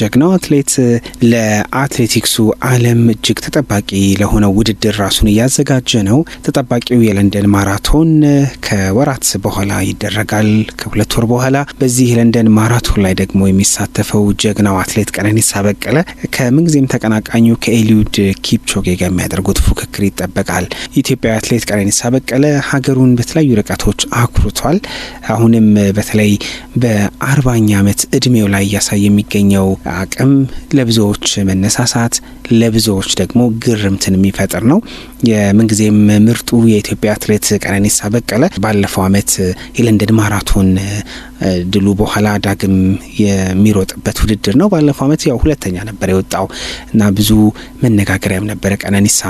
ጀግናው አትሌት ለአትሌቲክሱ ዓለም እጅግ ተጠባቂ ለሆነ ውድድር ራሱን እያዘጋጀ ነው። ተጠባቂው የለንደን ማራቶን ከወራት በኋላ ይደረጋል፣ ከሁለት ወር በኋላ። በዚህ የለንደን ማራቶን ላይ ደግሞ የሚሳተፈው ጀግናው አትሌት ቀነኒሳ በቀለ ከምንጊዜም ተቀናቃኙ ከኤሊዩድ ኪፕቾጌ ጋር የሚያደርጉት ፉክክር ይጠበቃል። ኢትዮጵያዊ አትሌት ቀነኒሳ በቀለ ሀገሩን በተለያዩ ርቀቶች አኩርቷል። አሁንም በተለይ በአርባኛ ዓመት እድሜው ላይ እያሳየ የሚገኘው አቅም ለብዙዎች መነሳሳት፣ ለብዙዎች ደግሞ ግርምትን የሚፈጥር ነው። የምንጊዜም ምርጡ የኢትዮጵያ አትሌት ቀነኒሳ በቀለ ባለፈው ዓመት የለንደን ማራቶን ድሉ በኋላ ዳግም የሚሮጥበት ውድድር ነው። ባለፈው ዓመት ያው ሁለተኛ ነበር የወጣው እና ብዙ መነጋገሪያም ነበረ ቀነኒሳ።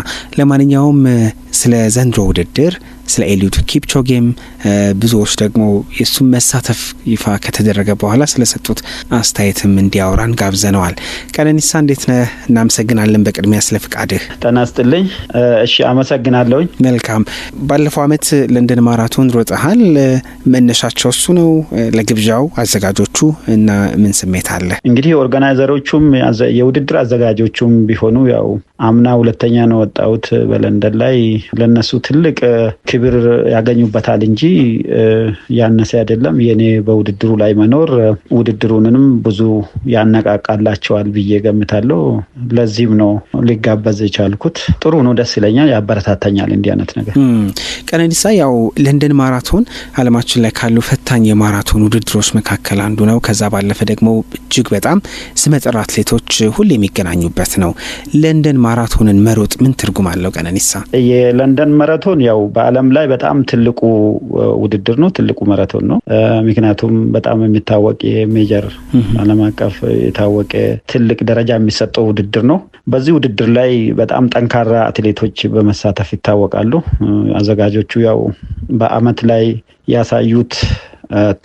ለማንኛውም ስለ ዘንድሮ ውድድር ስለ ኤልዩድ ኪፕቾጌም ብዙዎች ደግሞ የእሱን መሳተፍ ይፋ ከተደረገ በኋላ ስለሰጡት አስተያየትም እንዲያወራን ጋብዘነዋል። ቀነኒሳ እንዴት ነ? እናመሰግናለን በቅድሚያ ስለ ፍቃድህ። ጤና ይስጥልኝ። እሺ አመሰግናለሁኝ። መልካም። ባለፈው አመት ለንደን ማራቶን ሮጠሃል። መነሻቸው እሱ ነው። ለግብዣው አዘጋጆቹ እና ምን ስሜት አለ? እንግዲህ ኦርጋናይዘሮቹም የውድድር አዘጋጆቹም ቢሆኑ ያው አምና ሁለተኛ ነው ወጣሁት በለንደን ላይ ለነሱ ትልቅ ክብር ያገኙበታል እንጂ ያነሰ አይደለም። የኔ በውድድሩ ላይ መኖር ውድድሩንም ብዙ ያነቃቃላቸዋል ብዬ ገምታለሁ። ለዚህም ነው ሊጋበዝ የቻልኩት። ጥሩ ነው፣ ደስ ይለኛል፣ ያበረታተኛል እንዲህ አይነት ነገር። ቀነኒሳ ያው ለንደን ማራቶን አለማችን ላይ ካሉ ፈታኝ የማራቶን ውድድሮች መካከል አንዱ ነው። ከዛ ባለፈ ደግሞ እጅግ በጣም ስመጥር አትሌቶች ሁሌ የሚገናኙበት ነው። ለንደን ማራቶንን መሮጥ ምን ትርጉም አለው ቀነኒሳ? የለንደን ማራቶን ያው በዓለም ዓለም ላይ በጣም ትልቁ ውድድር ነው፣ ትልቁ መረቶን ነው። ምክንያቱም በጣም የሚታወቅ የሜጀር ዓለም አቀፍ የታወቀ ትልቅ ደረጃ የሚሰጠው ውድድር ነው። በዚህ ውድድር ላይ በጣም ጠንካራ አትሌቶች በመሳተፍ ይታወቃሉ። አዘጋጆቹ ያው በአመት ላይ ያሳዩት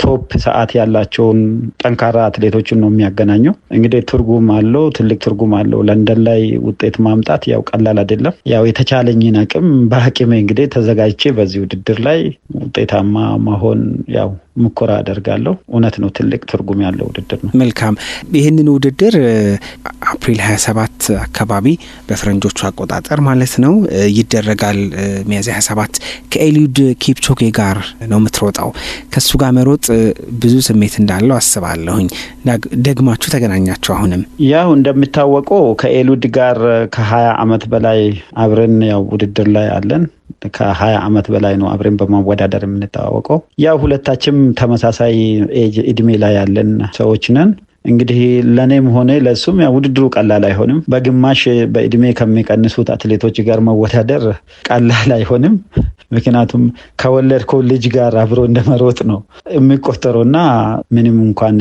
ቶፕ ሰዓት ያላቸውን ጠንካራ አትሌቶችን ነው የሚያገናኘው። እንግዲህ ትርጉም አለው፣ ትልቅ ትርጉም አለው። ለንደን ላይ ውጤት ማምጣት ያው ቀላል አይደለም። ያው የተቻለኝን አቅም በአቅሜ እንግዲህ ተዘጋጅቼ በዚህ ውድድር ላይ ውጤታማ መሆን ያው ሙከራ አደርጋለሁ። እውነት ነው፣ ትልቅ ትርጉም ያለው ውድድር ነው። መልካም። ይህንን ውድድር አፕሪል 27 አካባቢ በፈረንጆቹ አቆጣጠር ማለት ነው ይደረጋል። ሚያዝያ 27 ከኤሊዩድ ኪፕቾጌ ጋር ነው የምትሮጠው። ከሱ ጋር መሮጥ ብዙ ስሜት እንዳለው አስባለሁኝ። ደግማችሁ ተገናኛችሁ። አሁንም ያው እንደሚታወቀው ከኤሉድ ጋር ከ20 ዓመት በላይ አብረን ያው ውድድር ላይ አለን ከሀያ ዓመት በላይ ነው አብረን በማወዳደር የምንተዋወቀው። ያው ሁለታችም ተመሳሳይ እድሜ ላይ ያለን ሰዎች ነን። እንግዲህ ለእኔም ሆነ ለእሱም ያው ውድድሩ ቀላል አይሆንም። በግማሽ በእድሜ ከሚቀንሱት አትሌቶች ጋር መወዳደር ቀላል አይሆንም። ምክንያቱም ከወለድከው ልጅ ጋር አብሮ እንደመሮጥ ነው የሚቆጠረውና ምንም እንኳን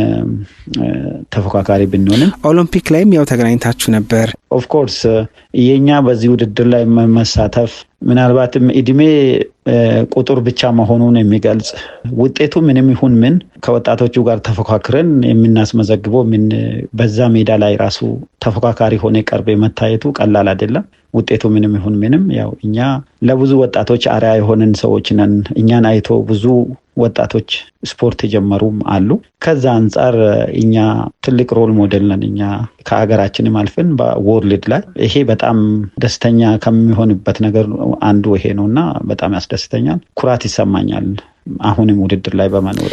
ተፎካካሪ ብንሆንም ኦሎምፒክ ላይም ያው ተገናኝታችሁ ነበር። ኦፍኮርስ የኛ በዚህ ውድድር ላይ መሳተፍ ምናልባትም እድሜ ቁጥር ብቻ መሆኑን የሚገልጽ ውጤቱ ምንም ይሁን ምን ከወጣቶቹ ጋር ተፎካክረን የምናስመዘግበው ምን በዛ ሜዳ ላይ ራሱ ተፎካካሪ ሆነ ቀርቤ መታየቱ ቀላል አይደለም። ውጤቱ ምንም ይሁን ምንም ያው እኛ ለብዙ ወጣቶች አርያ የሆንን ሰዎች ነን። እኛን አይቶ ብዙ ወጣቶች ስፖርት የጀመሩም አሉ። ከዛ አንጻር እኛ ትልቅ ሮል ሞዴል ነን። እኛ ከሀገራችንም አልፍን በወርልድ ላይ ይሄ በጣም ደስተኛ ከሚሆንበት ነገር አንዱ ይሄ ነው እና በጣም ያስደስተኛል፣ ኩራት ይሰማኛል። አሁንም ውድድር ላይ በመኖር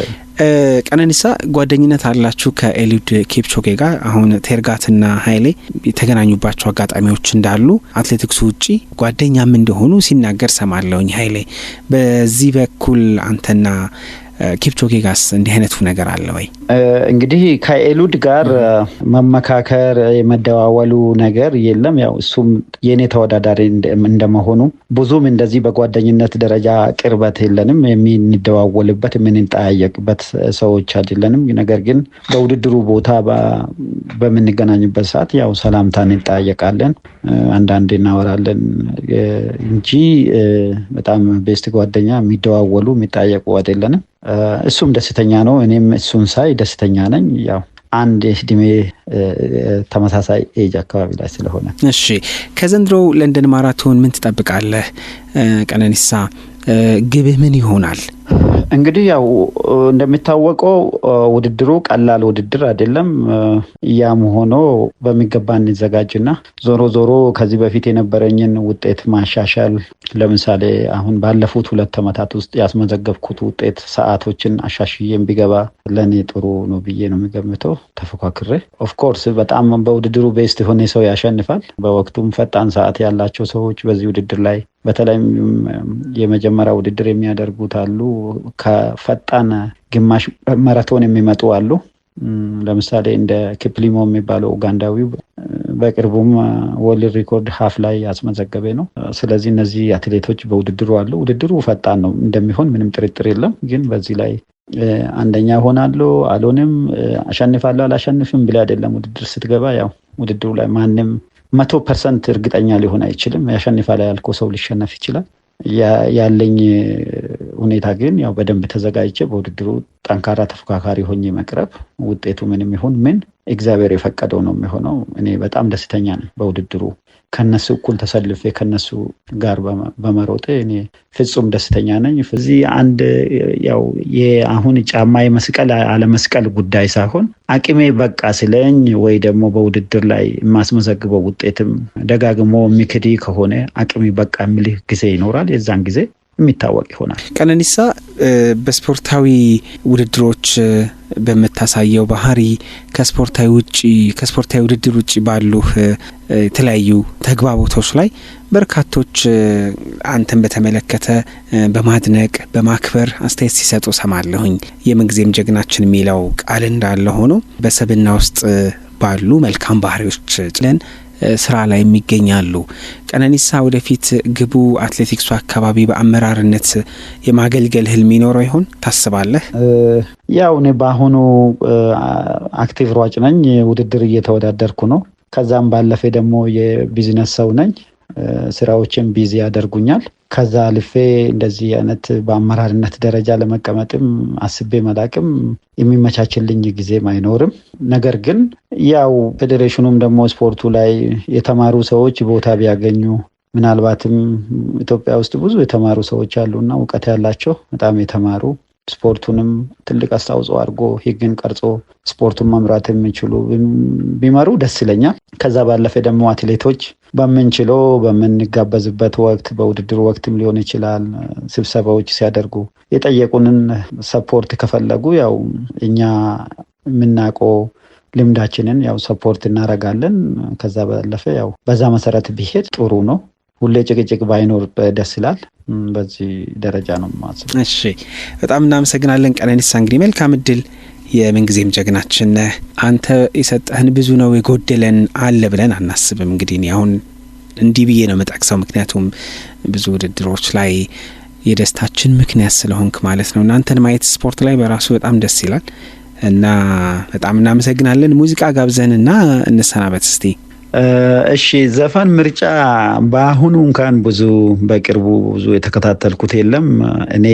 ቀነኒሳ ጓደኝነት አላችሁ ከኤሊድ ኬፕቾጌ ጋር። አሁን ቴርጋትና ሀይሌ የተገናኙባቸው አጋጣሚዎች እንዳሉ አትሌቲክሱ ውጪ ጓደኛም እንደሆኑ ሲናገር ሰማለውኝ ሀይሌ። በዚህ በኩል አንተና ኪፕቾጌ ጋስ እንዲህ አይነቱ ነገር አለ ወይ? እንግዲህ ከኤሉድ ጋር መመካከር የመደዋወሉ ነገር የለም። ያው እሱም የእኔ ተወዳዳሪ እንደመሆኑ ብዙም እንደዚህ በጓደኝነት ደረጃ ቅርበት የለንም። የምንደዋወልበት የምንጠያየቅበት ሰዎች አይደለንም። ነገር ግን በውድድሩ ቦታ በምንገናኝበት ሰዓት ያው ሰላምታ እንጠያየቃለን፣ አንዳንድ እናወራለን እንጂ በጣም ቤስት ጓደኛ የሚደዋወሉ የሚጠያየቁ አይደለንም። እሱም ደስተኛ ነው። እኔም እሱን ሳይ ደስተኛ ነኝ። ያው አንድ እድሜ ተመሳሳይ ኤጅ አካባቢ ላይ ስለሆነ። እሺ ከዘንድሮ ለንደን ማራቶን ምን ትጠብቃለህ ቀነኒሳ? ግብህ ምን ይሆናል? እንግዲህ ያው እንደሚታወቀው ውድድሩ ቀላል ውድድር አይደለም። ያም ሆኖ በሚገባ እንዘጋጅና ዞሮ ዞሮ ከዚህ በፊት የነበረኝን ውጤት ማሻሻል ለምሳሌ አሁን ባለፉት ሁለት ዓመታት ውስጥ ያስመዘገብኩት ውጤት ሰዓቶችን አሻሽዬም ቢገባ ለእኔ ጥሩ ነው ብዬ ነው የሚገምተው። ተፎካክሬ ኦፍኮርስ በጣም በውድድሩ ቤስት የሆነ ሰው ያሸንፋል። በወቅቱም ፈጣን ሰዓት ያላቸው ሰዎች በዚህ ውድድር ላይ በተለይም የመጀመሪያ ውድድር የሚያደርጉት አሉ። ከፈጣን ግማሽ መረቶን የሚመጡ አሉ። ለምሳሌ እንደ ኪፕሊሞ የሚባለው ኡጋንዳዊው በቅርቡም ወርልድ ሪኮርድ ሀፍ ላይ ያስመዘገበ ነው። ስለዚህ እነዚህ አትሌቶች በውድድሩ አሉ። ውድድሩ ፈጣን ነው እንደሚሆን ምንም ጥርጥር የለም። ግን በዚህ ላይ አንደኛ ሆናለሁ አልሆንም፣ አሸንፋለሁ አላሸንፍም ብለህ አይደለም ውድድር ስትገባ ያው ውድድሩ ላይ ማንም መቶ ፐርሰንት እርግጠኛ ሊሆን አይችልም። ያሸንፋል ያልከው ሰው ሊሸነፍ ይችላል። ያለኝ ሁኔታ ግን ያው በደንብ ተዘጋጅቼ በውድድሩ ጠንካራ ተፎካካሪ ሆኜ መቅረብ፣ ውጤቱ ምንም ይሁን ምን እግዚአብሔር የፈቀደው ነው የሚሆነው። እኔ በጣም ደስተኛ ነኝ በውድድሩ ከነሱ እኩል ተሰልፌ ከነሱ ጋር በመሮጤ እኔ ፍጹም ደስተኛ ነኝ። እዚህ አንድ ያው የአሁን ጫማ የመስቀል አለመስቀል ጉዳይ ሳይሆን አቅሜ በቃ ስለኝ ወይ ደግሞ በውድድር ላይ የማስመዘግበው ውጤትም ደጋግሞ የሚክድ ከሆነ አቅሜ በቃ የሚልህ ጊዜ ይኖራል። የዛን ጊዜ የሚታወቅ ይሆናል። ቀነኒሳ በስፖርታዊ ውድድሮች በምታሳየው ባህሪ ከስፖርታዊ ውጭ ከስፖርታዊ ውድድር ውጭ ባሉ የተለያዩ ተግባቦቶች ላይ በርካቶች አንተን በተመለከተ በማድነቅ በማክበር አስተያየት ሲሰጡ ሰማለሁኝ። የምንጊዜም ጀግናችን የሚለው ቃል እንዳለ ሆኖ በሰብና ውስጥ ባሉ መልካም ባህሪዎች ጭለን ስራ ላይ የሚገኛሉ። ቀነኒሳ ወደፊት ግቡ አትሌቲክሱ አካባቢ በአመራርነት የማገልገል ህልም ይኖረው ይሆን ታስባለህ? ያው እኔ በአሁኑ አክቲቭ ሯጭ ነኝ። ውድድር እየተወዳደርኩ ነው። ከዛም ባለፈ ደግሞ የቢዝነስ ሰው ነኝ። ስራዎችን ቢዚ ያደርጉኛል። ከዛ አልፌ እንደዚህ አይነት በአመራርነት ደረጃ ለመቀመጥም አስቤ መላቅም የሚመቻችልኝ ጊዜም አይኖርም። ነገር ግን ያው ፌዴሬሽኑም ደግሞ ስፖርቱ ላይ የተማሩ ሰዎች ቦታ ቢያገኙ ምናልባትም ኢትዮጵያ ውስጥ ብዙ የተማሩ ሰዎች አሉና እውቀት ያላቸው በጣም የተማሩ ስፖርቱንም ትልቅ አስተዋጽኦ አድርጎ ህግን ቀርጾ ስፖርቱን መምራት የሚችሉ ቢመሩ ደስ ይለኛል። ከዛ ባለፈ ደግሞ አትሌቶች በምንችለው በምንጋበዝበት ወቅት በውድድር ወቅትም ሊሆን ይችላል ስብሰባዎች ሲያደርጉ የጠየቁንን ሰፖርት ከፈለጉ ያው እኛ የምናውቀው ልምዳችንን ያው ሰፖርት እናደርጋለን። ከዛ ባለፈ ያው በዛ መሰረት ቢሄድ ጥሩ ነው። ሁሌ ጭቅጭቅ ባይኖር ደስ ይላል። በዚህ ደረጃ ነው ማስ እሺ፣ በጣም እናመሰግናለን ቀነኒሳ። እንግዲህ መልካም እድል። የምንጊዜም ጀግናችን ነህ። አንተ የሰጠህን ብዙ ነው የጎደለን አለ ብለን አናስብም። እንግዲህ አሁን እንዲህ ብዬ ነው መጠቅሰው፣ ምክንያቱም ብዙ ውድድሮች ላይ የደስታችን ምክንያት ስለሆንክ ማለት ነው። እናንተን ማየት ስፖርት ላይ በራሱ በጣም ደስ ይላል እና በጣም እናመሰግናለን። ሙዚቃ እና እንሰናበት እስቲ። እሺ ዘፈን ምርጫ በአሁኑ እንኳን ብዙ በቅርቡ ብዙ የተከታተልኩት የለም። እኔ